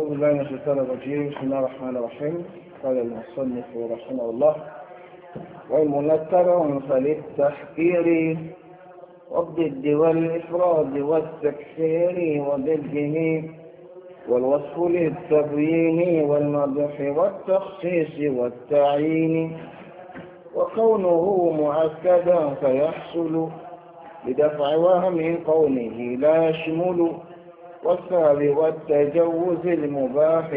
أعوذ بالله من الشيطان الرجيم بسم الله الرحمن الرحيم قال المصنف رحمه الله والمنكر مثل التحقير والضد والإفراد والتكسير وضده والوصف للتبيين والمدح والتخصيص والتعيين وكونه مؤكدا فيحصل بدفع وهم قوله لا يشمل والسعي والتجوز المباح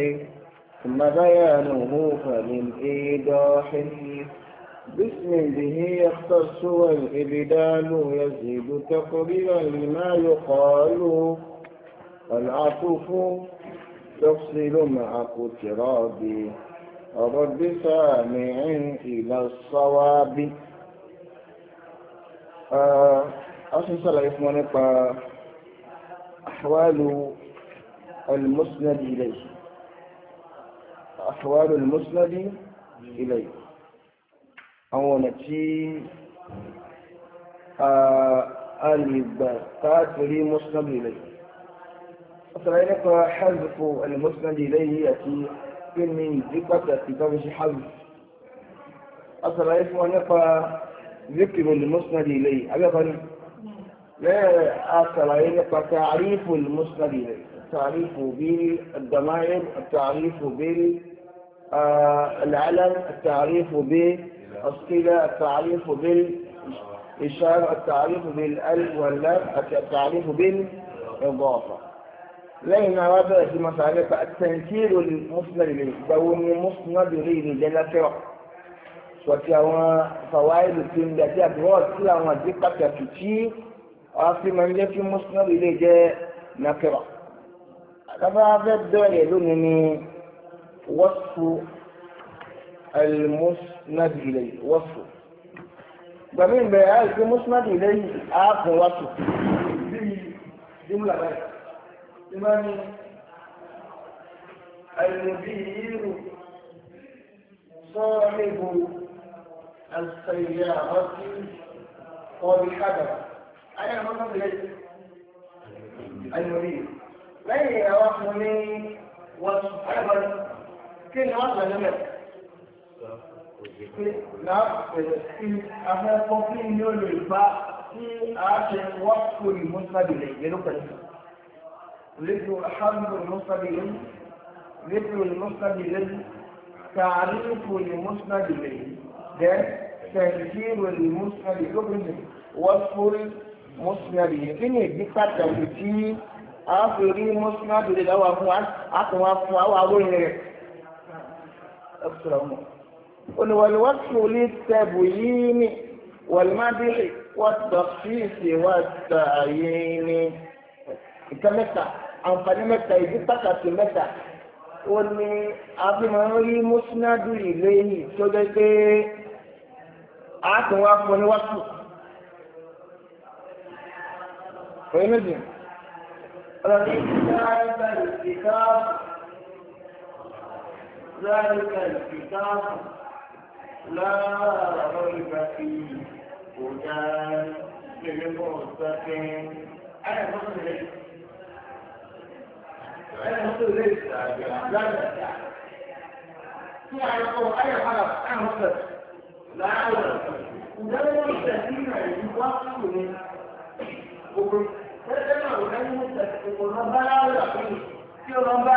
ثم بيانه فللإيضاح باسم به يختص والإبدال يزيد تقريبا لما يقال العطف تفصل مع اقتراب رب سامع إلى الصواب أخي صلى الله عليه وسلم أحوال المسند إليه أحوال المسند إليه أو نتي الباقات مسند إليه أصلا حذف المسند إليه يأتي من ثقة كتاب حذف أصلا يفهم ذكر المسند إليه أبدا الصلاحية تعريف المسند التعريف بالضمائر التعريف بالعلم آه، التعريف بالصلة التعريف بالإشارة التعريف بالألف واللام التعريف بالإضافة لأن هذا في مسألة التنكير المسند إليه دون مسند إليه جل sọ̀tí àwọn fàwáìlì tí في gbẹ̀tí àti أصل من جاء في مسلم إليه جاء نكرة هذا الدول يدلني وصف المسند إليه وصف بمين بيقال في مسند إليه آخر وصف جملة بقى إمامي المدير صاحب السيارة وبحجرة ayé àwọn ọmọ ìlẹ̀ àyòrí lẹ́yìn ìyàwó fún ní wọn ẹ̀rọ kí ni wọ́n sọ níbẹ̀. Pé láàpẹ̀rẹ̀ sí afẹ́fọ́ kí ni ó lè bá tí a ṣe wọ́n kò ní mọ́sábìlẹ̀ ìgbẹ́rú pẹ̀lú. Rédíò Alhamdu Mọ́sábìlẹ̀ Rédíò Mọ́sábìlẹ̀ تعريف المسند به ده تنكير المسند به وصف mọ́sùlùmí yẹn kí ni ìdí pàtàkì tí àwọn fi rí mọ́sùlùmí àdúrà lọ́wọ́ fún wa àtúnwá fún àwọn awóyin rẹ̀ ẹ̀kúrọ̀mù. olùwàlúwàsù lè tẹ̀bù yìí ni wàlúmádìrì wàtàfíìsì wàtàyé ni ìka mẹ́ta àǹfààní mẹ́ta ìdí mẹ́ta ó ní abimọ̀ rí mọ́sùlùmí lẹ́yìn tó dẹ́ pé àtúnwá fún ni wàsù. ويمرجم ذلك الكتاب ذلك الكتاب لا ريب فيه هدى للمتقين أنا مصر ليس أنا مصر ليس لا في القرآن حرف أنا مصر لا أعلم وده المتقين يوصل من tẹ́lẹ̀ náà wọ́n ní ìpò lọ bá láwùjọ àpéyìn tí ó lọ bá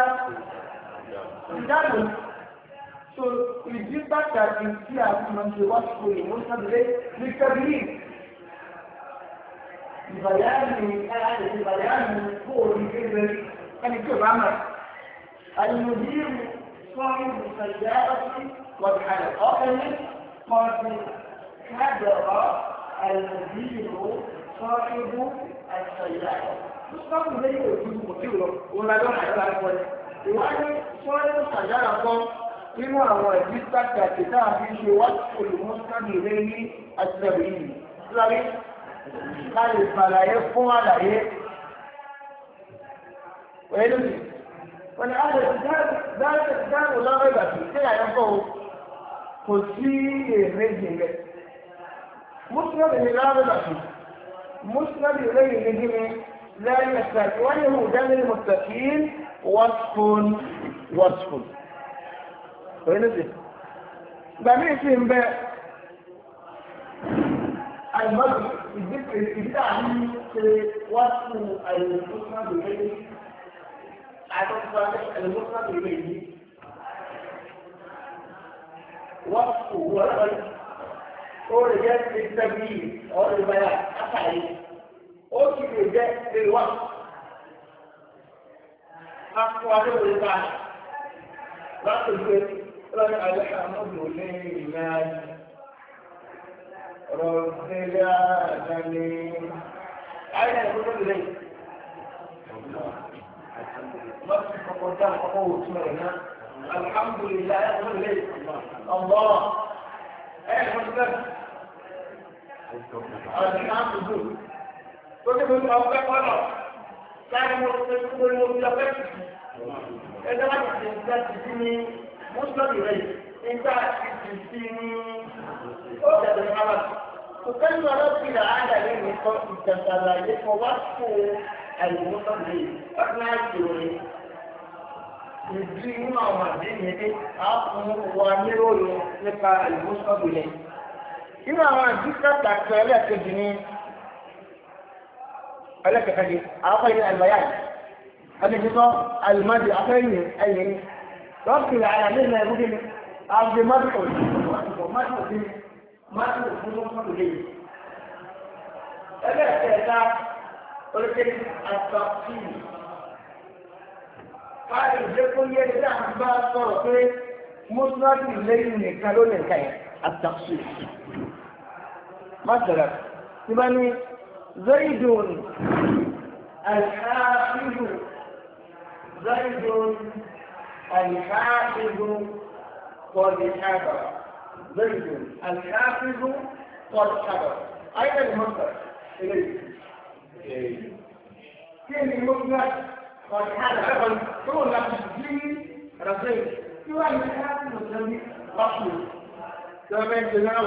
ìdáàbò so ìdí pàtàkì tí a fi máa ń ṣe wá sí òyìnbó sábẹ́lẹ́ ní kẹ́bílì ìbàyáàmì ìbàyáàmì kó o ní kébé ẹni tí o bá mọ̀ àyùmọ̀dìrì sọ́yìn ìsàlẹ̀ ọtí wọ̀dìhàlẹ̀ ọ̀kẹ́lẹ́ kọ́ọ̀tì kádọ̀ọ́ àyùmọ̀dìrì sọ́ọ́rìbù àìsànyà sọ́ọ́rìbù méjì kò ju kò tí ò lọ òun lájọ́ àìsàn àìsàn ìwádìí sọ́ọ́rìbù sàjára kan nínú àwọn ẹ̀bí sáàkì àti náà fi ṣe wá olùmọ́sánì lé ní àtìlẹ́wì yìí lárí ká lè fàlàyé fún àlàyé pẹ̀lú wọn ni a lè dáàbò lọ́rọ̀ ìgbà tí ṣé àyẹ̀kọ́ kò sí èrè jìnlẹ̀ mú مسند إليه لا وله دم المستكين وصف وصف وينزل بميت بقى المرء الذكر عن وصف المسند إليه عدد المسند إليه وصف هو ó lè a ìtẹ́bí ọ̀rẹ́bẹ̀rẹ̀ àtàrí ó sì lè jẹ́ ìwà akọ alóore bá láti gbé lọ́nà àlẹ́kà mọ́tò ní ìlà rọ̀bẹ̀lá àdáni ayé ẹ̀kọ́ tó lè lọ́sí kọ̀kọ́ dá kọ́kọ́ wò túnmọ̀ rẹ̀ ẹ̀ wọ́n ti bẹ́ẹ̀. ọ̀rọ̀ ti máa ń tó dùn. tó ti fi ọ̀pọ̀ pẹ́ pọ̀ lọ. láti mo ti fi gbogbo ní mo ti lọ pẹ́ tì í. ẹgbẹ́ láti ti ti láti ti ní mọ́sílọ́ọ̀dù rẹ̀ nígbà tí ti ti ní ó dẹ̀dẹ̀ ní bàbá. kò kẹ́ni ọ̀rọ̀ ti rà á dà lẹ́nu kan ìjàǹdà àlàyé kan wá fún àyè mọ́sílọ́ọ̀dù rẹ̀ bí nínú àwọn àdéhùn yẹn pé a fún wa níròyìn nípa ìmúṣọ́bù yẹn. nínú àwọn àdúgbò pàtó ẹlẹ́ẹ̀kejì ní ẹlẹ́kẹ̀kẹ́jì àwọn ìlú àlùbáyà àdéjútọ́ àlùmọ́dì afẹ́yìn ẹ̀yìn lọ́ọ̀kì àyàmé ìlà ìwúdí ni àbí mọ́tò mọ́tò sí mọ́tò fún mọ́tò lè. ẹlẹ́kẹ̀ẹ́ta olùkẹ́ni àtàkùn a lè jẹ́ kó yẹ kí à ń bá sọ̀rọ̀ pé mọ́sálásí lẹ́yìn nìkan ló lè ka yẹn àtàkùsù. Mọ́sálá tí bá ní Zaidun Alhaafidu Zaidun Alhaafidu kọ̀ọ̀dì ṣàbà. Zaidun Alhaafidu kọ̀ọ̀dì ṣàbà. Ayé ni mọ́sálá ilé yìí. Kí ni mọ́sálásí? يقول لك الدين رزيق شو أن هذا المسلم مطلوب كما يجنعه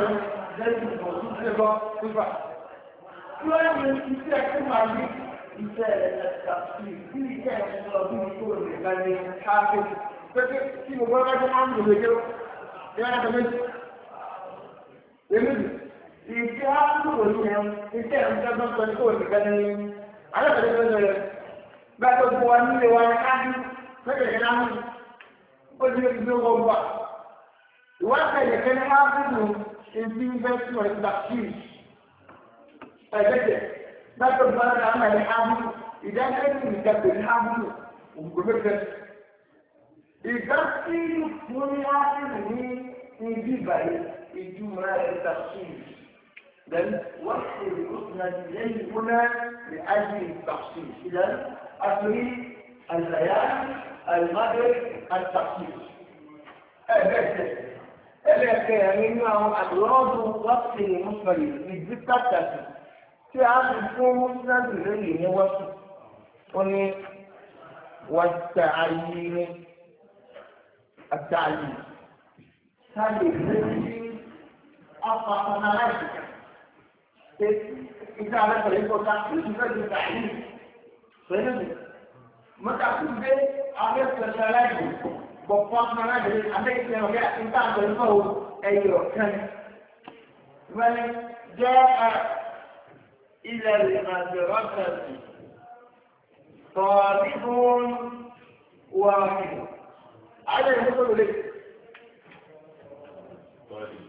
زي الموضوع سبا سبا شو أن يتكلم عليه مثال التفسير في كان الرسول يقول لبني حافظ فكر في مبارك عنده بيجو يعني كمان يمد إذا عنده وجوه إذا عنده بني حافظ على كده gbàtọ̀ fún wa nílé wa ní káàdì lọ́dẹ̀ yẹn lámú ó di ojú tó wọ́n wà. ìwádìí ẹ̀yẹ kẹ́ni á bùnú èsì investment vaccine ẹ̀dẹ́gbẹ̀ gbàtọ̀ fún wa ní káàdì ẹ̀yẹ á bùnú ìdájọ́ ẹ̀yẹ ìdàgbẹ̀ ní á bùnú òǹgbẹ̀gbẹ̀. ìdásí fún ní á bùnú ní ibi بل وحي يسند اليه هنا لاجل التخصيص اذا اصلي البيان المدر التخصيص اذا كان أدوات اغراض وقت في من جبتك في عهد مسند اليه والتعليم التعليم هذه الزوجين أقصى مناسكك إذا أنا طريق وصاحب يفرد التعليم فهمت متعقب به أغير تشالاجه بقفاق مناجل عندك لو جاء إنتاع طريقه أيوه كان بل جاء إلى المدرسة طالب واحد هذا يقول لك طالب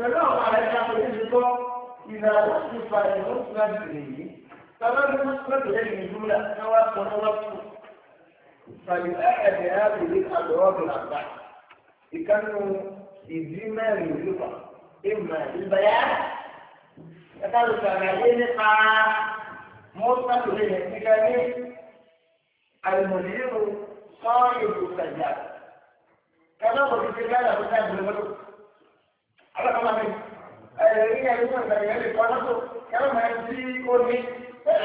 pẹ̀lú àwọn àrẹ́ta pẹ̀lú gbọ́ ìlànà ìfà ìlú láti lè yí bàbá mi wọ́n pẹ̀lú lẹ́yìn ìlú là ní wọ́n sọ ní wọ́n kú fàyè ẹ̀ẹ́dẹ̀ àbèlé àdọ́rọ́bù làgbà ìkànnì ìdí mẹ́rin ìlú pa ìmọ̀ ìbáyà ẹ̀ka ló sàlàyé nípa mọ́tò lè yẹn kíkà ní àlùmọ̀lẹ́rù sọ́ọ̀yì ìlú sàjà kẹ́lọ́ ti ṣe gáàlà tó ká Àlọ́kọ́ máa ní ẹ̀rí ẹ̀rí ìgbà ìyẹn lè kọ́ lọ́tọ̀ kẹ́rọ máa ń tí ó ní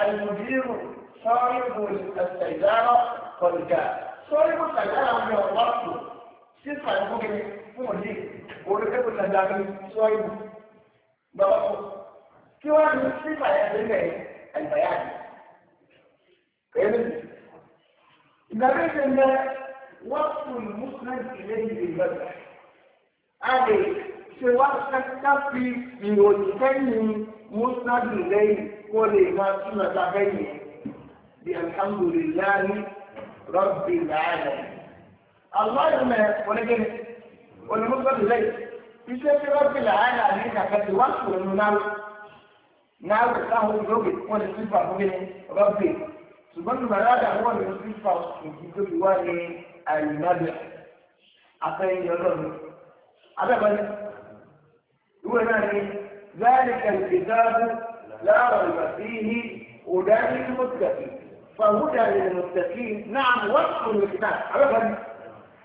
àlùmọ̀dírù sọ́ọ́rìbù ìtàgbàrọ̀ kọ̀ọ̀dà. Sọ́ọ́rìbù ìtàgbàrọ̀ mi ò wọ́pù sí ìfàyẹ̀kọ́ kiri fún òní olùkẹ́kọ̀ọ́ ìtàgbàrọ̀ sọ́ọ́rìbù gbọ́dọ̀. Kí wọ́n ní sí ìfàyẹ̀kọ́ البيان فهمت النبي ان وصف المسند اليه بالمدح عليه ṣe wá ṣẹ́ká fi ìròyìn kẹ́yìn mùsùlùmí lẹ́yìn kó lè máa túnmọ̀ ta kẹ́yìn bí alhamdulillahi rabbil alamin. Allahumma onígbẹ́ni onímọ̀sọ́dún lẹ́yìn iṣẹ́ tí rabbil alamin kàkà ti wá sọ̀rọ̀ nù náà náà wò sáwọn olóògbé wọn lè sífà fún mi rabbi ṣùgbọ́n ní bàdáàdà wọn lè sífà òkú tó fi wá ní àyìnbá bẹ̀rẹ̀ afẹ́yìn ọlọ́run abẹ́bẹ́ni. هو يعني ذلك الكتاب لا ريب فيه هدى للمتقين فهدى للمتقين نعم وصف الكتاب عرفا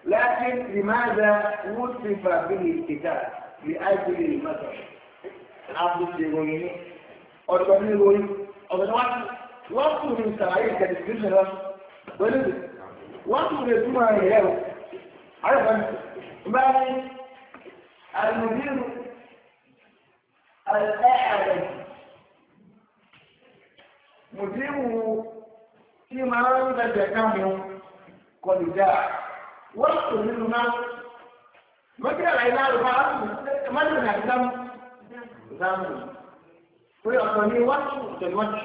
لكن لماذا وصف به الكتاب لأجل المثل العبد او أربعين او أربعين وصف من سرعية كالسجنة ولد وصف لتما يهو عرفا ما المدير الأعرج مديره في مرام بدكه قد جاء وقت منهما ما كان العمال ما من الدم دم ويعطني وقت الوجه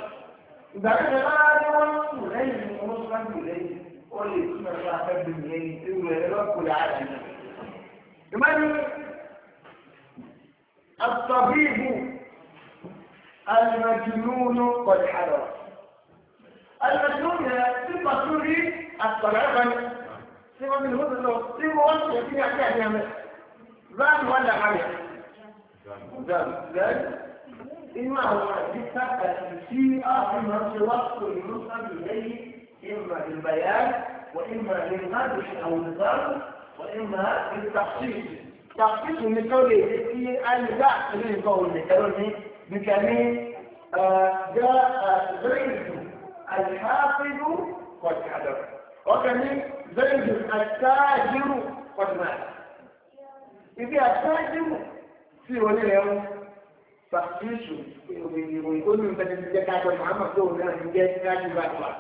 إذا كان هذا وقت إليه ونصرا إليه قل لي كما شاء تبدو إليه إليه رب العالمين الطبيب المجنون قد حضر المجنون صفة سيدي الطلبة صفة من هذا النوع صفة وانت يتيني أحياء نعمل زان ولا حاجة زان زان إما هو جثة الشيئة في نفس الوقت إليه إما للبيان وإما للمدح أو الظن وإما للتخصيص tàbíkù ní tó lè ṣe sí àyíká ìlú nǹkan òde ẹ̀rọ ní bìkà ní jẹ́ zẹ́yìndù àìháfíìlú kọ̀tàdọ̀. ọkà ní zẹ́yìndù àtàjírù kọ̀tàdọ̀. ibi àtàjírù sí òní rẹ̀ ń tàbíkù ìròyìn tó ní ìfẹ́ ti jẹ́ káàkiri màmá tó ní àti jẹ́ káàkiri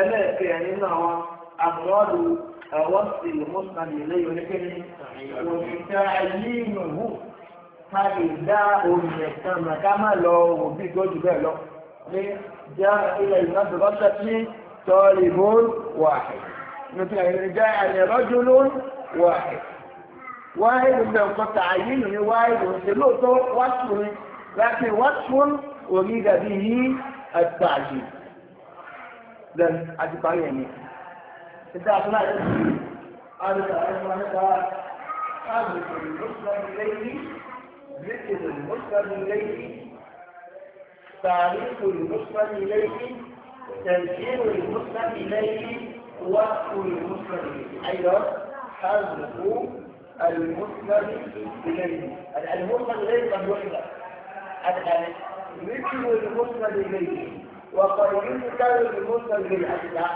ẹlẹ́ẹ̀kẹ́ nínú àwọn àmọ́lù àwọn sí mọ́sánì lẹ́yìn oníkẹ́ni òṣìṣẹ́ ayélujú ká lè dá orílẹ̀ kan mà ká má lọ òbí gbójú bẹ́ẹ̀ lọ ní jẹ́ ilẹ̀ ìlànà lọ́sẹ̀ tí tọ́lì bóun wà nítorí àyẹ̀rẹ̀ jẹ́ bẹ̀rẹ̀ nǹkan tààyè ní wáyé bẹ̀rẹ̀ ṣe lóòótọ́ wáṣùn láti wáṣùn orí dàbí yí àtààyè. then àti parí ẹ̀mí. Ìta àtúnlá rẹ̀ sí àrùkà ẹ̀fọn nípa káàbùkù lóṣùlọ́dún lẹ́yìn ríkìlù lóṣùlọ́dún lẹ́yìn tàríkù lóṣùlọ́dún lẹ́yìn تنكير المسلم إليه وقت المسلم أيضا حذف المسلم إليه المسلم إليه قد وحده مثل المسلم إليه وقيمك المسند بالأسباب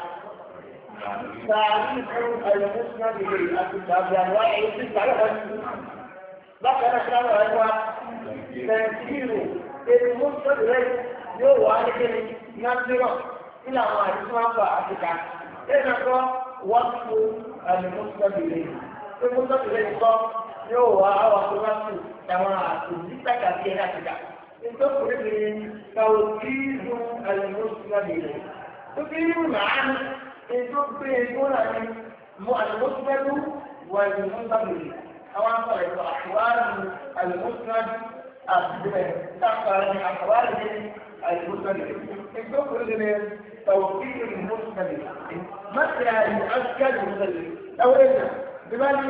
تعريف المسند بالأسباب لأنواع التسعة بقى نحن أنواع تنكير المسند غير يو عليك نظرة إلى ما يسمى بأسباب إذا كان وصف المسند إليه المسند إليه يو على وصف كما تنزيل تكافيه أسباب تخرج توكيد المسند تفيد معنى ان تبقون المسند والمنتقل او عن احوال المسند تحت احواله المسند ان تخرج توكيد المسلمين متى يؤكد المسند او الا بمعنى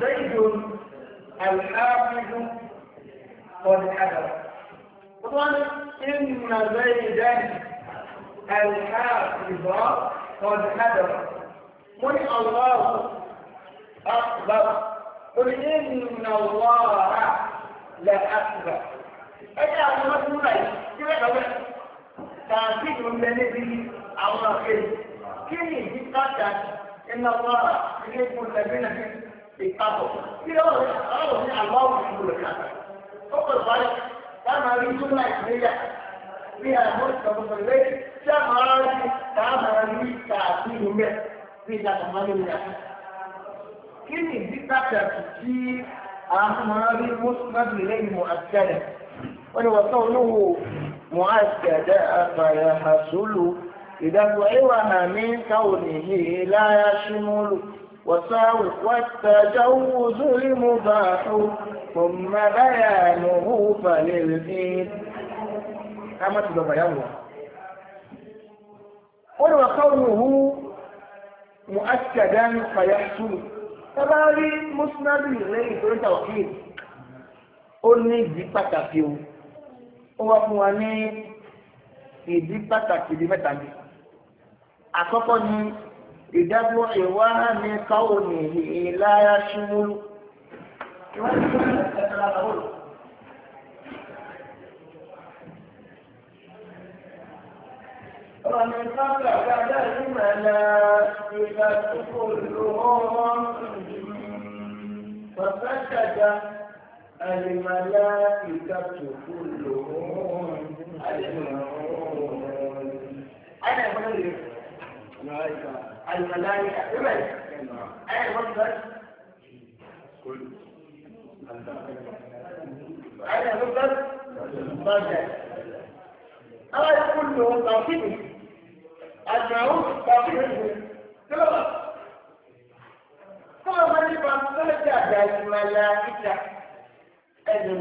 زيد الحافظ قول الحجر وطبعا إن زيدا الحافظ قول الحجر قل الله أكبر قل إن الله لا أكبر أي أنا ما سمعت كيف أقول تعطيك من الذي الله خير كيف تقطع إن الله يحب الذين في التقوى كيف الله يحب الله يحب الكافر ọkọ̀ ìwádìí táwọn arí júmọ̀ ìgbéyà bí àwọn ìṣàkóso ìwé tí àwọn ará rí táwọn ará rí kààtì ìmúlẹ̀ bí ìdàgbàsókè ìlú yà. kí ni ìdí pàtàkì tí àwọn ará rí mọ́tòmọ́tò lẹ́yìn mọ́ àtẹ́rẹ̀ wọ́n ni wọ́n sọ olówó mọ́ àtẹ́rẹ̀ àfàyà àṣọlù ìdàgbàsókè mi káwọn èyí láyà símọ́lù wọ́n sáwò wọ́n tẹ̀jáwó ثم بيانه فللإيد كما تبقى يوم قل وقوله مؤكدا فيحصل تبالي مسند إليه تقول توكيد قل لي دي pàtàkì ó wá fún wa ní ìdí pàtàkì di mẹ́ta ni àkọ́kọ́ ni ìdájọ́ ìwá ní káwọn nìyí láyá ṣúmúlù ومن فقد الملائكة كلهم فسجد الملائكة كلهم أنا أقول الملائكة الملائكة أنا أقول أنا مفرد مرجع هذا كله توحيد المعروف توحيد كلها طبعا ما يبقى مرجع للملائكة أجل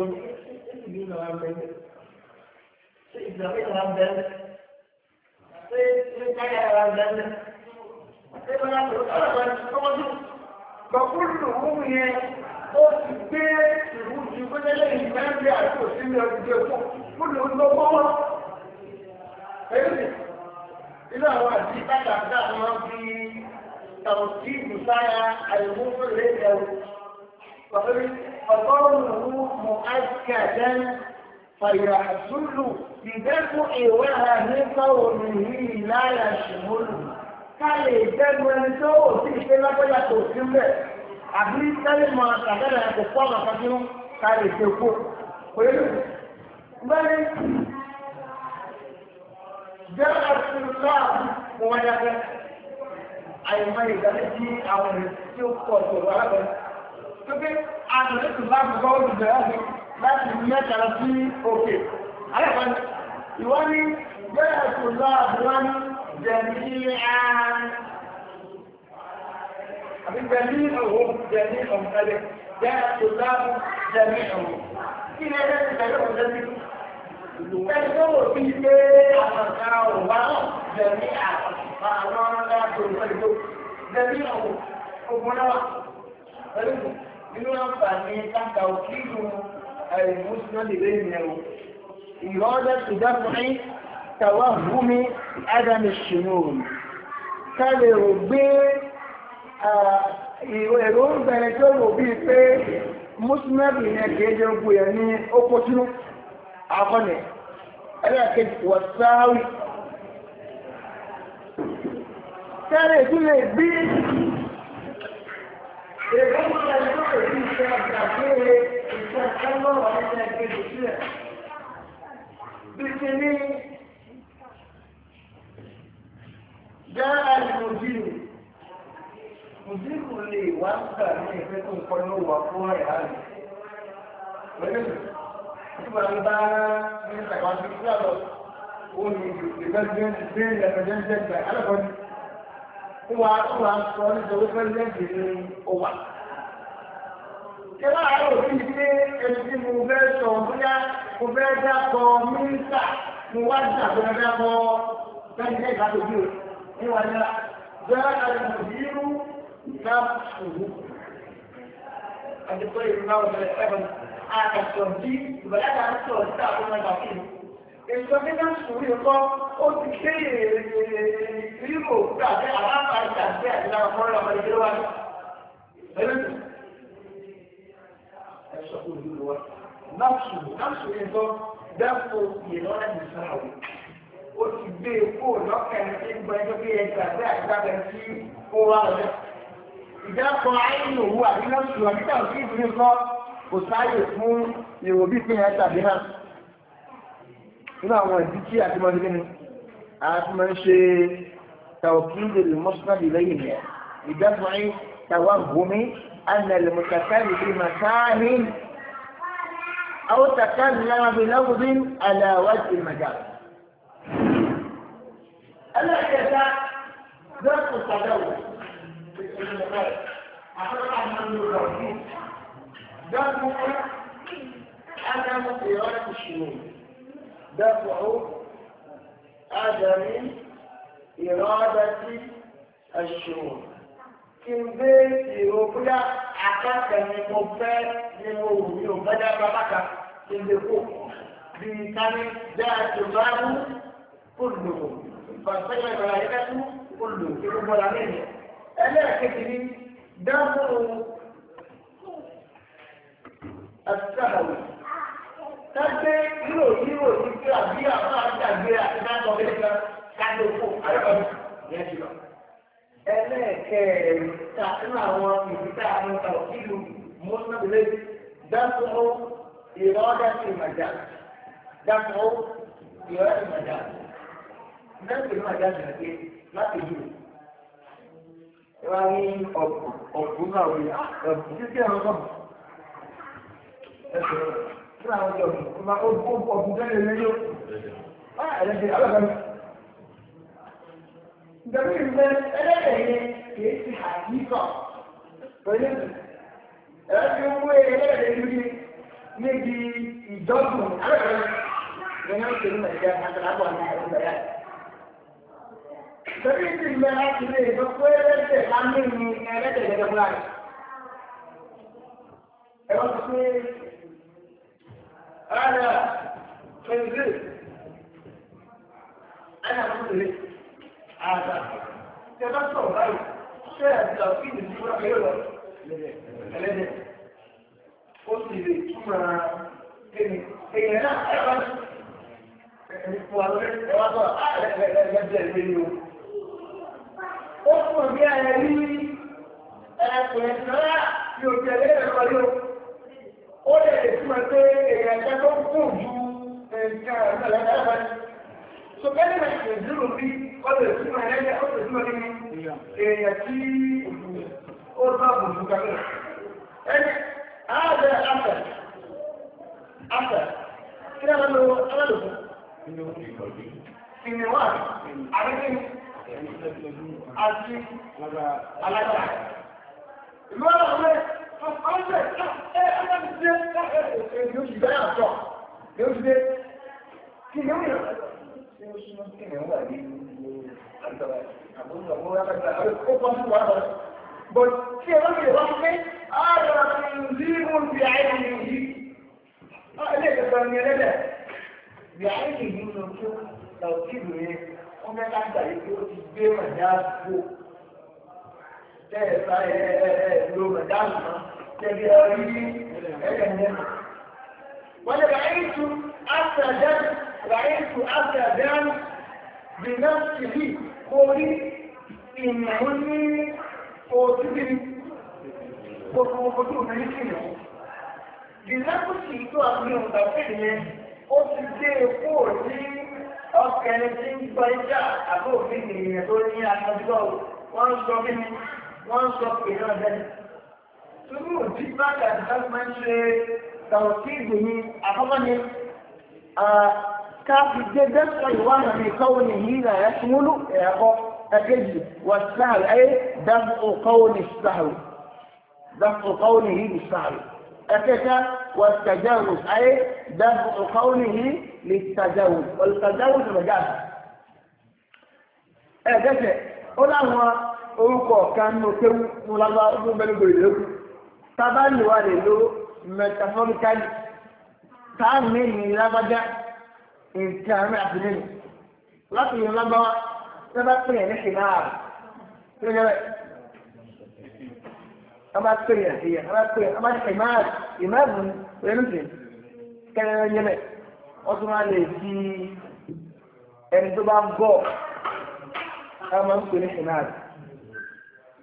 سيدنا ربنا سيدنا ربنا سيدنا ربنا سيدنا ربنا وكلهم يعني ó ti gbé ìrújú gbẹ́lẹ́ ìgbẹ́lẹ́ àti òsínlẹ̀ ọdún ẹ̀kọ́ fúnlẹ̀ olóògbọ́ wọn. Èyí àwọn àti kátàkátà máa ń fi tàwùsí ìbùsára àìmúfò lẹ́yẹ̀ o. Pàtàkì ọgọ́rùn-ún fàyà àtúlù ìwé ara ká lè ẹni tó ò àbí kálímọ̀ àtàkẹ́lẹ̀ kò pọ́ ọ̀nà kan sínú ká lè ṣe kó kò yẹ lóko. Gbẹ́ni jẹ́ àtúntò àwọn ọmọdé afẹ́ àyẹ̀mọ́ ìgbàlẹ̀ àwọn ènìyàn tí ó pọ̀ sọ̀rọ̀ alábẹ̀rẹ̀. Tókè àtúntò tó bá gbọ́ olùbẹ̀rẹ̀ mi láti mẹ́ta lọ sí òkè. Alábẹ̀rẹ̀ ìwọ́n ní jẹ́ àtúntò àbúrò ní jẹ̀mí ilé àárín. جميعهم جميعهم ألف جاء الطلاب جميعهم كيف يجب جميعهم جميعهم Ẹgbẹ́wò ti gbé àwọn ará òwá jẹ̀mí àwọn ará tòlùpẹ̀lú jẹ̀mí ọ̀wọ̀ ogun náà pẹ̀lú nínú àǹfààní káńtà òkìlù àìmúsùnmọ́lì lẹ́yìn ẹ̀rọ. Ìrọ́dẹ̀ ìdáfúnrin tàwọn àbúmi Ádámì Ṣùnúùn. Ká lè rò gbé èrò ń bẹ̀rẹ̀ tó wò bíi pé mùsùlùmí yẹn kìí ogun yẹn ní oko sínú akọni lè bí tó mùsùlùmù lè wá ń gbà ní ìfẹ́ tó ń kọ́ ní òwà fún ẹ̀há rẹ̀. Pẹ̀lú ìgbà ń bá ní ìtàkùn àti ìgbà lọ, ó ní ìgbà gbé ẹ̀fẹ̀jẹ̀ gbà alákọ̀ọ́ni. Wà á wà á sọ ní ìjọba pẹ́sidẹ́ntì ní òwà. Ṣé láàárọ̀ òfin ṣe ẹni tí mo fẹ́ sọ bóyá mo fẹ́ dákọ̀ mínísà mo wá dà tó fẹ́ dákọ̀ pẹ́sidẹ́ntì àtòjú rẹ̀ ní نفسه قد يقول الموت والسبب هذا التوجيه وبدأت أن أستوى أقول لك فيه Ìsọ̀bí náà sùúrù ẹ̀kọ́ ó ti ké ìrírò tàbí àbáfà ìtàgbé àti láwọn ọmọ ọmọ ìgbéró wa. Ẹlẹ́sìn. Ẹ̀sọ́ kò lù wá. Náà sùúrù náà sùúrù ẹ̀kọ́ dáàbò ìyẹ̀lọ́ láti sáà wò ó ti gbé epo lọ́kàn tí ń gbọ́ ẹjọ́ bí ẹgbẹ́ àgbẹ́ àgbàgbẹ́ tí ó wà lọ́dẹ̀ ìjápọ̀ àìní òwú àbíná ṣùgbọ́n títà sí ìdílé kọ́ kò sáyè fún èrò bí pé ẹ tàbí náà nínú àwọn ìdí tí àti máa ń gbé ni àti máa ń ṣe tàwọ̀kì lè mọ́sánàdì lẹ́yìn rẹ̀ ìjápọ̀ àìní tàwa gbomi àna lè mọ̀ tàkàrí bí màtáàní àwọn tàkàrí lára bí lọ́wọ́dí àlàáwájú ìmàjà. ẹlẹ́kẹta lọ́sùn tàdáwò. دفع عدم إرادة الشمول دفع عدم إرادة الشمول kìnbé ìró bóyá akẹ́kẹ̀ẹ́ ni mo fẹ́ ni mo wù mí o bẹ́ẹ̀ bàbáka kìnbé kò bí kání bẹ́ẹ̀ tó bá ẹlẹ́ẹ̀kejì ni dáhùn àtúntàbàwò kájé yíò yíò ní kí àbí àwọn àgbàgbé àti dáhùn ọ̀gbẹ́ kan kájé òkú àyọ̀kọ̀dù yẹn ti lọ. ẹlẹ́ẹ̀kẹta nínú àwọn ìdíkà àwọn ọ̀tàwọ̀ kílù mọ́tòlẹ́ dáhùn ìrọ́dá sí ìmàjà dáhùn ìrọ́dá sí ìmàjà náà sì máa jáde àti láti dùn. wá ní ah, àwọn ọ̀pù ẹ̀sìn fún àwọn ah, ọ̀pù tó torí ti lẹ láti lè sọ pé ẹlẹ́dẹ̀ bá ní ní ẹlẹ́dẹ̀ gẹ́gẹ́ fúnra rẹ̀. ẹ wọ́n ti pé ara pèsè ẹ̀yà fúnra àgbà tí ẹ bá sọ̀rọ̀ báyìí ṣé ẹ̀ ti àwọn fíìmù tí ẹlẹ́dẹ̀ ó sì lè túmọ̀ kéde èèyàn náà ẹ bá ní. Ẹ̀yin fún wa lórí ẹ wá sọ̀rọ̀ ẹ̀ẹ́dẹ̀ẹ́dẹ̀ lórí o ó pọ̀ bí ayẹ rí ẹ̀kùnrin náà yóò tẹ̀lé ẹ̀kọ́ yóò. Ó lè lè túmọ̀ pé èèyàn ẹ̀ka tó kù ju nǹkan ẹ̀kọ́ ẹ̀kọ́ So bẹ́ẹ̀ni mà ṣe dúró bí ó lè túmọ̀ ẹ̀yẹ ó lè túmọ̀ nínú èèyàn tí ó bá bù ju kàkọ́. Ẹni àádọ́ àfẹ́ àfẹ́ kí ni a máa lo alálòpọ̀? Ìnáwó àbíkí àti alájà. ìmọ̀ràn ọ̀rẹ́ ọ̀pọ̀lọpọ̀ ẹ alábìsẹ́ yóò ṣì bẹ́ẹ̀ àtọ̀ yóò ṣe kí ni ó yàn. ṣé o ṣe kí ni ó wà ní àgbàrá àbúrò àbúrò àgbàrá ó kọ́ sí wàhálà bọ̀ tí ẹ bá fi wá pé ààrẹ àti ìdílé ń bí àyè ní ìdí. ilé ìjọba ni ẹlẹ́dẹ̀ bí àyè ní ìdí ló tó làwọn kí lóye. wọ́n fẹ́ ká gbà yìí pé ó ti gbé mọ̀dá kú tẹ́ẹ̀ sáré ẹ̀ ẹ̀ ẹ̀ lo mọ̀dá mọ̀ tẹ́lẹ̀ ọ̀rí ẹ̀yẹ̀ ní. wọ́n lè rà yín tu áfẹ̀dẹ́n rà yín tu áfẹ̀dẹ́n bí náà sì rí kó rí ìnáwó ní ojú bí gbogbo ojú òun ní kìnìún. Dìlákùsì tó àfihàn tàbí ìyẹn ó ti dé epo ní ọkẹni tí ń gbọ́ ìjà àbófin ènìyàn tó ní àtọ́jọ́ wọ́n sọ bí mi wọ́n sọ pé náà bẹ́ẹ̀. Túbú òtí báńkì àti báńkì máa ń ṣe tàwọ̀tí ìgbìmí àkọ́kọ́ ni káfí dé dẹ́sọ̀ ìwà àná ní ìkọ́wò ní yìí náà ẹ̀ fún wúlú ẹ̀kọ́ ẹ̀kejì wà sáàlù ayé dáàbò òkọ́wò ní sáàlù dáàbò òkọ́wò ní yìí ní sáàlù ẹ̀kẹta wà sàjáàrù ayé dáàbò òkọ́wò ní yìí للتزوج ta مجاز ẹ gẹ́sẹ̀ ó láwọn orúkọ kan ní òkéwú ní ọlọ́gbà ọdún mẹ́lúgbò ìlú tábàlì wà lè lo metaphorically táàmì ní lábájá nǹkan àmì àtìlẹ́yìn láti yọ lágbáwá tí wọ́n bá pè yẹn ní ṣìláàrù wọ́n tún máa lè fi ẹni tó bá gọ̀ ká máa ń pè ní ṣìnáàrì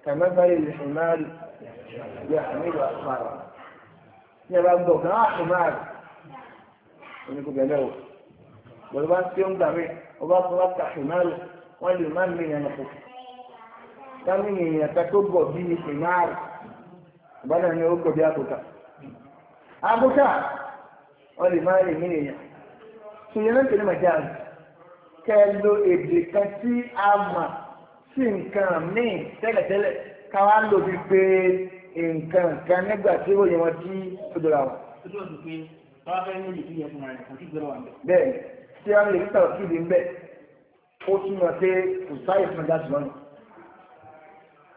kàmẹ́ bá lè ṣìnáàrì yà àmì ìwà àpárá ní ẹ bá gọ̀ kàn á ṣìnáàrì ẹni kò bẹ̀rẹ̀ o bọ̀dọ̀ bá ń tí ó ń gbà mí ọba tó bá ta ṣìnáàrì wọ́n lè má mi ìyànà kò ká mi ìyànà tó gọ̀ bí ṣìnáàrì ìbáná ni ó gọ̀ bí àkókò àkókò wọ́n lè má rìn mí ìyànà ìyẹn ló ń pè ní màjáàlì kẹ lo èdè kan tí a mọ̀ sí nǹkan míì tẹ́lẹ̀tẹ́lẹ̀ ká wá lò bí pé nǹkan kan nígbà tí ó yẹ wọn tí ó dọ̀rọ̀ àwọn. bẹ́ẹ̀ tí a lè nípa òkìlì ń bẹ̀ ó túmọ̀ pé kò sáyè fún ẹja ṣùgbọ́n.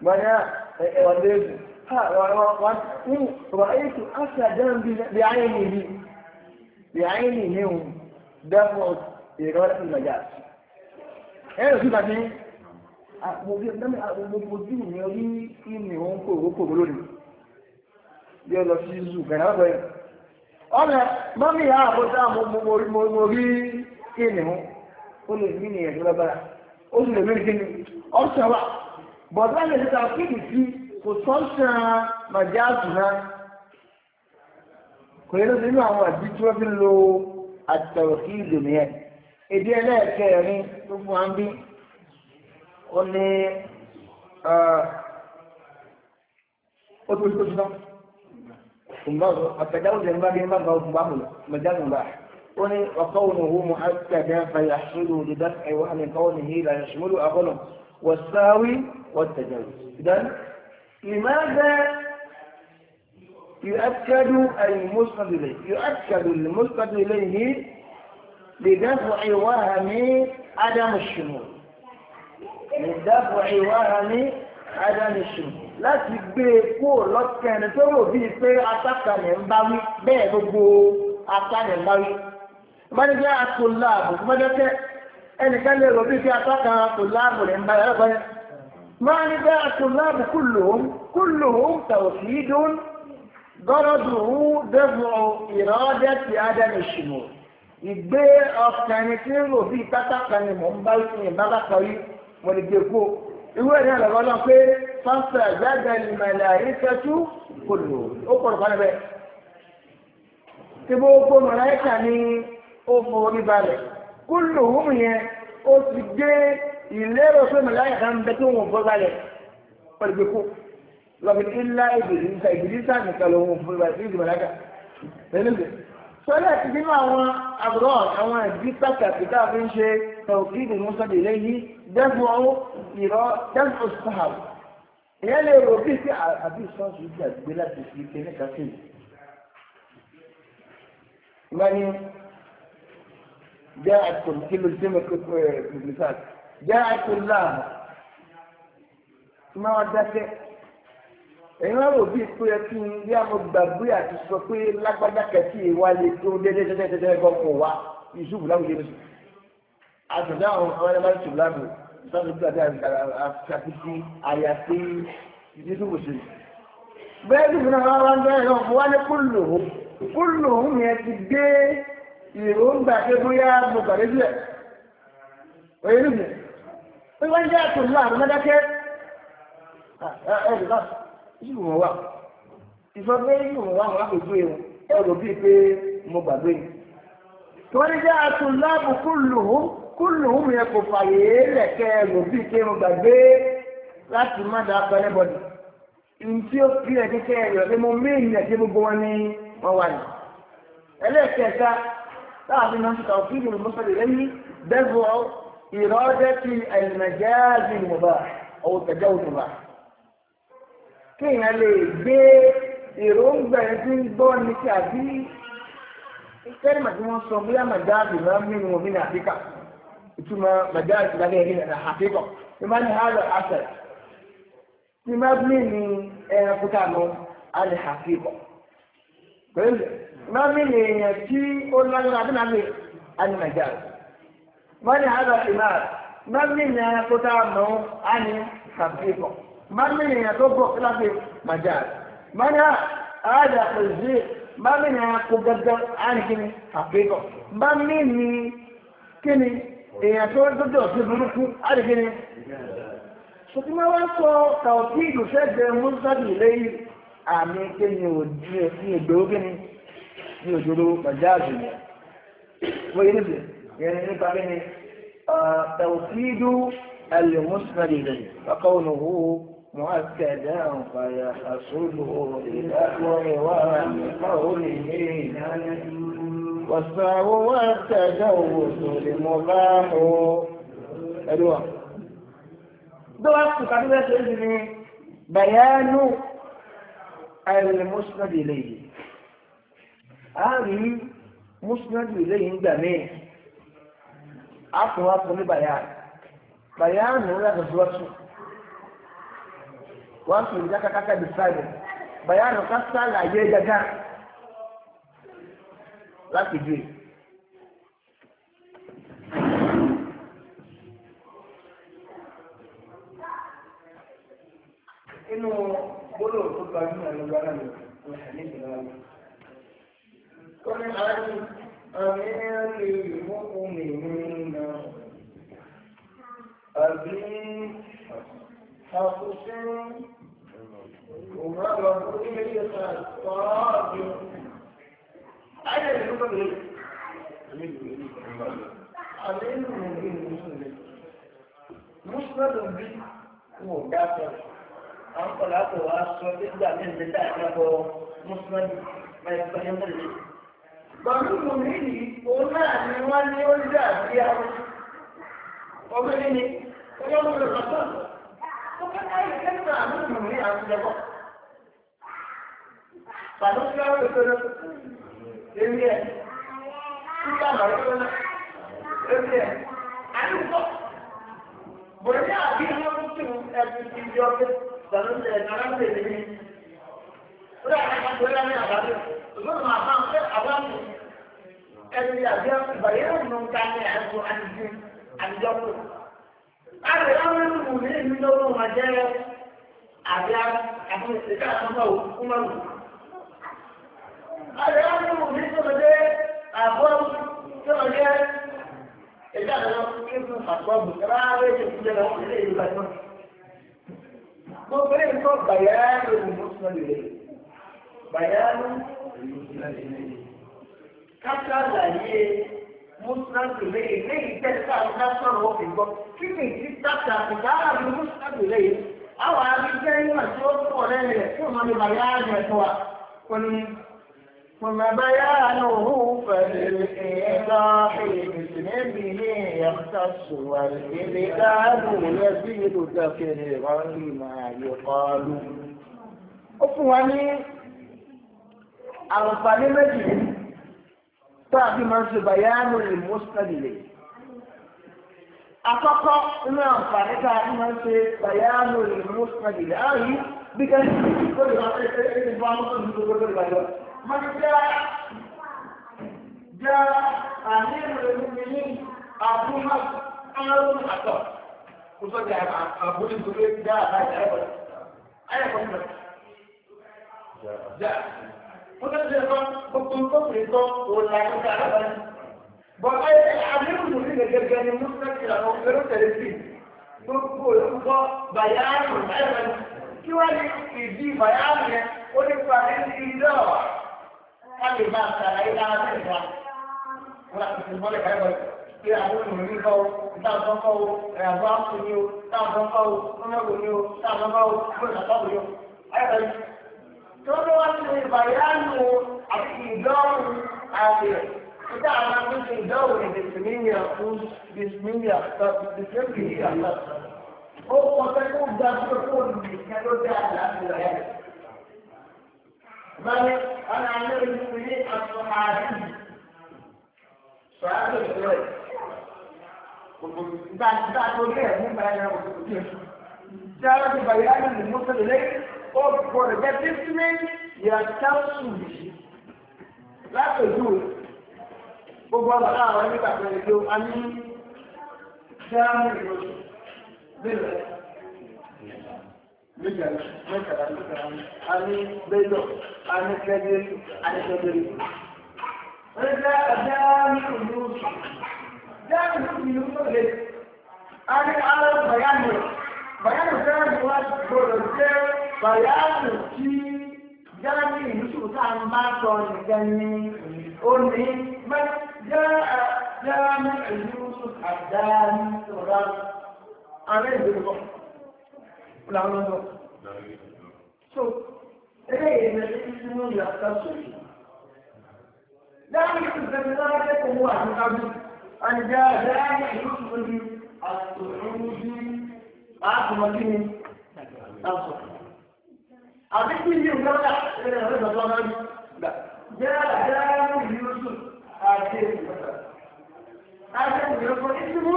gbọ́dọ̀ ẹ̀wọ̀n léèbù wọ́n ètò àṣà dáhùn bí ayé nìyí bí ayé nìyí òun dẹ́mọ̀ ìrọ́lẹ́ ìlọ̀yà ẹ̀rọ sí ìgbà ní àpòjú mi orí ìmì òun kò rókò lónìí bí ọ lọ sí zoo gẹ̀rẹ́ ọ̀pọ̀ ẹ̀ ọmọ mọ́mí ìyá àbójá mo rí ìmì òun ó lè mí ní ẹ̀dọ́ lábára ó sì lè mí ní kíni ọ̀sán wa bọ̀dá lè ta kíni sí kò sọ́ọ̀sán màjáàtù náà kò yẹ lọ́sẹ̀ àtẹ̀wòkì ìdùnnìyẹn èdè ẹlẹ́ẹ̀kẹrin tó fún wa ń bí ó ní oṣù tó tán kùnbọ́ọ̀sọ ọ̀tẹ̀dáwò lè bá bí bá bá ogun bá mú mẹjáàmù bá ó ní ọkọ̀ òun òun mú àtẹ̀dẹ́ fàyà ṣúlù dídá ẹ̀wọ̀ àmì kọ́wọ́ nìyí ìlànà ṣùgbọ́n àkọlù wọ̀sáwí wọ̀tẹ̀dáwò. لماذا يؤكد المسند إليه يؤكد المسند إليه لدفع وهم عدم الشمول لدفع وهم عدم الشمول láti gbé e kúrò lọ́kàn ẹni tó rò bíi pé atákanì ń bá wí bẹ́ẹ̀ gbogbo atákanì ń bá wí. ìbánijẹ́ atòláàbò mọ́jọ́kẹ́ ẹnìkan lè rò bíi pé atákan atòláàbò rẹ̀ ń bá yàrá báyà. máa ní bẹ́ẹ̀ atòláàbò kúlòó kúlòó tàwọ̀sídùn gọ́rọ̀dùnrún dẹ́gun ìrọ́dẹ́ ti ádámì ṣùgbọ́n ìgbé ọkùnrin tí ń rò bíi pátákà ni mò ń bá ìsìn ìbára kọrí mo lè gbé kó irú ẹ̀rí àlọ́gbọ́n náà pé fásitì àgbàgbà ìmọ̀lẹ̀ àríṣẹ́tú kò lò ó kọ̀rọ̀ kan níbẹ̀. tí gbogbo mọ̀láìkà ni ó forí balẹ̀ kó lò ó mú yẹn ó ti gbé ìlérò pé mọ̀láìkà ń bẹ tí òun bọ́ lọ́pẹ́ ilá ìbìlísà ìbìlísà nìkan ló ń fún ìgbà tí ìdìbò lága lẹ́lẹ́gbẹ́. sọ́lá ti nínú àwọn àbúrò àwọn ìdí pàtàkì tá a fi ń ṣe tòkí ìdí mọ́sọ́dé lẹ́yìn dẹ́gbọ́ ìrọ́ dẹ́gbọ́ sahab. ìyẹn lè rò bí sí àbí sọ́ọ̀sì ìdí àgbé láti fi ike ní kàfé. ìgbani jẹ́ àtòkí kí ló dé mẹ́kọ́ pẹ̀lú sáà jẹ́ ẹ̀yin wá wò bíi pé ẹtí ń bí àmọ́ gbàgbé àti sọ pé lágbájá kẹtì ìwà lè tó dẹ́dẹ́dẹ́dẹ́dẹ́ gan kò wá yusuf láwùjọ ní sùn àtúndà àwọn àwọn ẹ̀rọ máa ń sùn láàbò sábà gbàgbé àfikún àyàfi yusuf sí. bẹ́ẹ̀ ni mo náà wá ń bẹ́ẹ̀ náà mo wá ní kúlò kúlò mi ẹ ti gbé ìròǹgbà pé bóyá mo gbàgbé sílẹ̀ òye nìyẹn. pé wọ́n jẹ́ àtúndà àwọn ọmọdé kẹ́ ẹ̀ ẹ̀ ẹ̀ yìí wọ́n wà ìfọ̀fẹ́ yìí wọ́n wà wọ́n àpèjú ẹ̀ ẹ rò bíi pé mo gbàgbé ni. torí jẹ́ àtúnláàbù kúlùhùn kúlùhùn yẹn kò fàyè lẹ̀kẹ́ ẹ rò bíi pé mo gbàgbé láti má dáa pẹ́lẹ́ bọ́dì. ntí ó fi ẹ̀ kékeré rẹ̀ pé mo mí ìrìn àti gbogbo wọn ní wọ́n wà ní. ẹlẹ́kẹ̀ẹ́ta láàbí náà ṣùkà òfin ìlú mọ́sálẹ̀ lẹ́yìn bẹ́ẹ̀ bọ́ ìrọ́dẹ́tì àìmọ̀jáàzì mọ̀bà ọ̀wọ̀ tẹ̀jáwò mọ̀bà kéèyàn lè gbé èròǹgbà ẹni tí ń gbọ́ ni kí àbí kẹ́rì màtí wọ́n sọ bóyá màdáàbì máa ń mímu omi ní àfíkà ìtumọ̀ màdáàbì lábẹ́ ẹni ní àfíkà ní máa ní hálọ̀ àṣẹ tí máa bí ní ẹranko tá a mọ alẹ́ àfíkà pẹ̀lú máa bí ní èèyàn tí ó lágbára bí náà lè alẹ́ màdáàbì máa ní hálọ̀ ìmáà máa bí ní ẹranko tá a mọ alẹ́ àfíkà. ما من يتوقع خلاف مجال من هذا خزي ما من يقدر عنك حقيقة ما مني كني يتوقع ضد في بروكو عارفين ṣùgbọ́n máa wá sọ kàwọ́tí ìlú ṣẹ́gbẹ́ mọ́sádì lẹ́yìn àmì kéyìn òdìrẹ́ ní ìgbèrú kíni ní òjòrò pàjáàzù yẹn wọ́n yé níbi yẹn nípa kíni kàwọ́tí ìlú ẹ̀lẹ́mọ́sádì lẹ́yìn kàkọ́ ònà òwò مؤكدا فيحصله للأقوى وعن قوله والسعو والتجوز لمباح أدوى دوا كتابة الإذن بيان المسند إليه هذه مسند إليه جميع أقوى بيان بيان ولا غزوة wọ́n fi ìjáka kákà bí sáàbù bayanu ká sàlàyé gàgà láti dùn. inú gbọ́dọ̀ tó gbajúmọ̀ ló gbára mi kò sì ní ìlú wa. ó àárín àmì ẹ̀rí ìmúkú mi nínú àbí àkùsí. ومرض كل صادق أنا اللي بقول مسند بي مدافع عن صلاة وأصل تبدأ من بداية مسند ما يستهم لي بقول مني قلنا أن يواني يولد في أمر ومني ويوم الخطأ Bukan ayat kan kamu memberi aku jawab. Kalau kau betul ini ya, kita baru kan ini ya. Aku kok boleh abi yang itu aku jawab dalam dalam ini. Sudah akan boleh ni apa tu? Semua maafkan apa tu? Ini dia dia bayar nungkanya aku anjing anjing tu láti láwọn ẹni mú ní ìlú tó fún wa jẹ́ àbí àwọn ìṣèkà àtúntò òkú mọ́rù. láti láwọn ẹni mú ní tó lọ jẹ́ àbọ̀ tó lọ jẹ́ ìjà àtúntò kí fún àpò ọ̀bùn rárá ètò ìjẹ́ lọ́wọ́ ilé ìlú bá tó. gbogbo ilé ìkọ́ bàyá lóhùn mú sọ lè bàyá lóhùn mú sọ lè. ká mùsùlùmí lẹ́yìn lẹ́yìn tẹ̀síkà nígbà sọ̀rọ̀ òkè gbọ́ kí ni ìdí tàkà nígbà àwọn mùsùlùmí lẹ́yìn àwọn àbíjẹ́ ìwà tí ó pọ̀ lẹ́yìn rẹ̀ tí wọ́n lè bá yá àjọ ẹ̀tọ́ wa wọ́n ní ثم بيانه فللإيضاح بسنبه يختص والإبدال يزيد تكريرا لما يقال ó fún wa ní àǹfààní méjì تعب مرز بيان المسند إليه أفقط إن أنفعني تعب مرز بيان المسند إليه بكل كل ما تقول إن بعض الناس يقول كل ما يقول ما جاء جاء أمير المؤمنين أبو حفص أنا لم أتوقع وصدق أبو الزبير جاء هذا أيضا أيضا جاء جاء Gbogbo ìrúkọ bàyáàrù ẹ̀rọ kí wọ́n ní ìdí bàyáàrù yẹn ó ní pa ní ilé ọ̀wà láti bá àtàlàyé láàárín ìgbà. Wọ́n láti fi mọ́lẹ̀ káyọ̀ bọ̀ pé àwọn ènìyàn ní kọ́ ìtàkùn kọ́ o, ẹ̀yàgbọ́n kò ní o, ìtàkùn kọ́ o, mọ́mọ́kò ní o, ìtàkùn kọ́ o, ìgbọ̀nsàkọ́ kò tọ́lọ́ wá sí ìbàyánu àti ìdánwò ààrẹ nígbà àwọn tó ṣe ìdánwò ní bìsìmíyà fún bìsìmíyà bìsìmíyà lọ́sọ̀. ó kọ́ pé kó gba pé kó lè kẹ́ ló dé àlàáfíà rẹ̀. báyìí ọ̀nà àná ìlú ní aṣọ àárín sọ̀rọ̀ àti ìṣòro ẹ̀. Gbàgbà tó dé ẹ̀ nígbà yẹn òkú tó dé. Ṣé àwọn ti bàyá nínú mọ́tò lẹ́yìn? ọgbọ̀n ẹ̀dẹ́gbẹ́sílẹ̀ yàtá sùnì látòjú gbogbo ọmọ náà wọn nígbà tó lè lo a ní jáàmù ìrọ̀lù nílẹ̀ méjì mẹ́tàlá mẹ́tàlá a ní bẹ́lọ̀ a ní kẹ́lẹ́ a ní kẹ́lẹ́ Ẹgbẹ́ àjáàmì ìlú jáàmì ìlú tó lè a ní alẹ́ bàyánù bàyánù fẹ́ràn ìwádìí gbọ́dọ̀ jẹ́ bàyáàmù tí jáde ìlúṣù tá a bá sọ nìkan ni ó ní jáàmù ìlúṣù àdáni ọ̀rá ààrẹ ìgbèrúkọ làwọn ọ̀dọ́. so eléyìí ni ìlú ní ìyàtọ̀ sókè. jáàmù ìlúṣù tẹ̀lé náà kẹ́kọ̀ọ́ wà ní kábíyì. أنجا ذلك يخرج الصعود أعظم منه أصغر àbí kí ni ìgbàlá ẹgbẹ́ rẹ̀ lọ́dọ̀ náà ní gbà jẹ́ àdáyé yusuf àti ìgbàlá àti ìgbàlá ìṣubú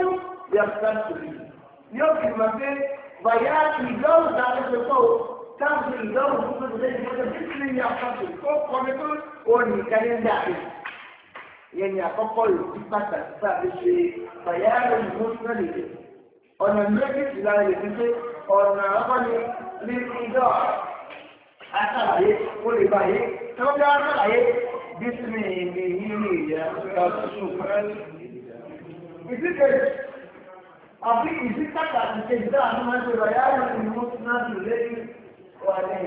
yàtọ̀ sórí yóò fi mọ̀ pé bàyá ìdánwò sáré tó tó táàbù ìdánwò tó tó lẹ́yìn mọ́tò bí kí ni yàtọ̀ sórí kó kọ́ mi pé ó ní kálẹ́ndà rẹ̀ yẹn ni àkọ́kọ́ yóò fi pàtàkì sáà ṣe bàyá ìmúṣẹ́ nìyẹn ọ̀nà méjì lára lè fi pé ọ̀nà àkọ́ni ní ìjọ àtàlàyé ó lè báyé tọ́jọ́ àtàlàyé bí sí ní ìlú nínú ìyá ọ̀ṣun ìsìkèjì àbí ìsìkàtà ìkèjì dáa tó máa ń ṣe bàyá àwọn ìlú náà ti lẹ́yìn wà ní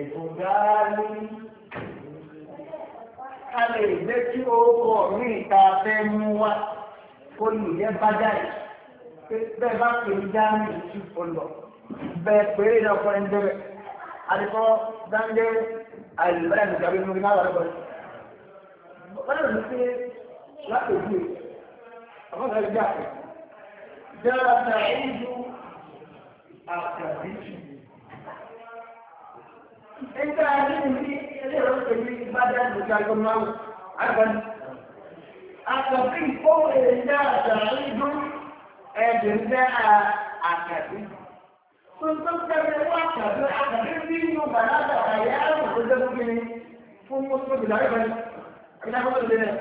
ẹ̀bùn gáálí ká lè jẹ́ kí orúkọ mi ìta fẹ́ mú wá kó lù yẹ bá jáde bẹ́ẹ̀ bá pè ní dáhùn ìtú ọlọ bẹ́ẹ̀ péré lọ́kọ̀ ẹ̀ ń bẹ̀rẹ̀ àdìkọ́ dande àìlùbẹ́rẹ̀ ní ìjàmbá ìmúgi náà wà lọ́wọ́ wọ́n lè fi láti ojú ẹ̀ àwọn ọ̀rẹ́ ìjà pẹ̀ jẹ́rọ na ojú àkàbí ẹgbẹ́ àdínú ní ilé ìrọ̀ pẹ̀lú ìbádá ìgbòkè àgbọ̀nmáwò àgbọ̀nì àkàbí ìkó èrè jẹ́ àkàbí ìdún ẹ̀dùn jẹ́ àkàbí tuntun kẹfẹ wà tàbí àtàbí bí inú bàlágà àyà àwọn tó dé fún mi fún mùsùlùmí láyé bẹ́ẹ̀ àbí náà fọ́tò lé náà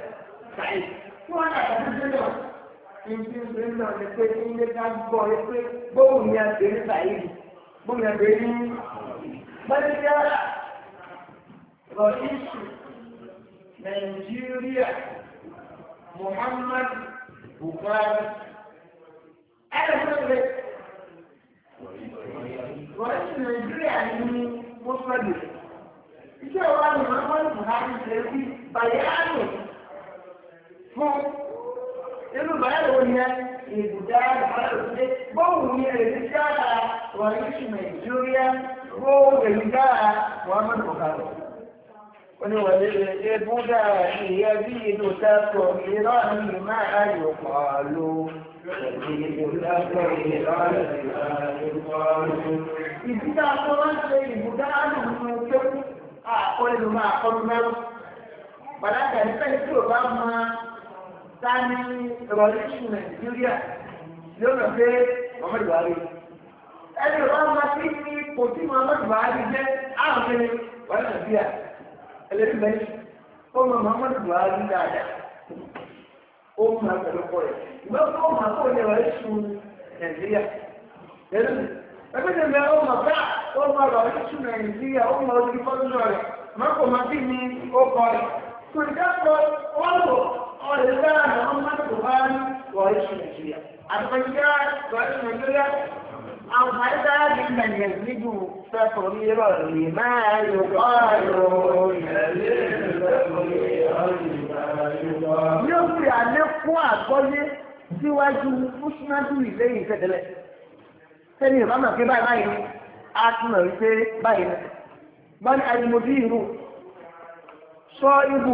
sàyè tí wọ́n náà tàbí bí náà ìdí ìdí nàìjíríà Muhammad Buhari. Ẹ̀rọ fún mi gọ̀ọ́sì nàìjíríà ní mọ́sálì iṣẹ́ wa ni muhammadu buhari ṣe fi bayanu fún inú bayanu wo ni ẹ ìbùdá bayanu ṣe bọ́ọ̀lù ni èyí sára gọ̀ọ́sì nàìjíríà bọ́ọ̀lù èyí sára muhammadu buhari oníwàlẹ́ ẹ̀ẹ́dẹ́gbọ́dá ìyá bí inú tá a sọ ìrọ̀ àmì máa yọ̀ pàálù. Ìdídá tó wá ń ṣe ìbùdá àdùnnú tó àkọlù máa kọlu mẹ́rù. Bàdájà ìfẹ́ tí ò bá máa ta ní revolution Nàìjíríà yóò lọ pé Mọ̀mọ́ Ìwárí. Ẹni ò bá máa kí ní kò tí Mọ̀mọ́ Ìwárí jẹ́ àrùn kiri wà Nàìjíríà. Ẹlẹ́dìbẹ́ni, ó mọ Mọ̀mọ́ Ìwárí dáadáa. أمها كالقرية ما أمها قرية ويسو تنزيح أبدا ما أمها فعل أمها ويسو تنزيح أمها ويسو تنزيح ما كما تهني أقري كل دفع أمه أهلان أمها تهان ويسو تنزيح الفجار ويسو تنزيح أو هذا ممن يزيد تقريرا لما يقال يزيد تقريرا yóò fi àlékún àgbọ́yé síwájú fúnṣínájú ilé ìfẹ̀tẹ̀lẹ̀ sẹ́ni ìbámu pé báyìí báyìí ni a tún mọ̀ wípé báyìí ni báyìí àyùmọ̀dé ìrù sọ ibù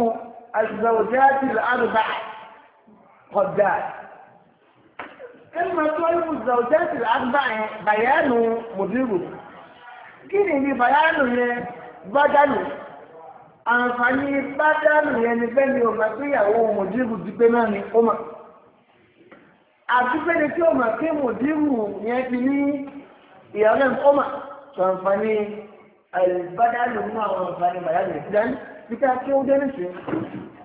àzùzàwòjẹ́ àti àrùbá kọjá kẹ́lìmọ̀ sọ ibù àzùzàwòjẹ́ àti àrùbá yẹn bàyánù mọ̀dé kí ni ibi bàyánù yẹn gbọ́dá nù àǹfààní bá dánù ẹni bẹ́ni ọ̀gá pé ìyàwó mòdìrú ti pé náà ni ó mà àti pẹ́ni tí ọ̀gá pé mòdìrú yẹn ti ní ìyàwó náà ó mà tó àǹfààní àìbádánù eh, náà àwọn àǹfààní bàdánù ìdílé níta tí ó dẹ́nu sí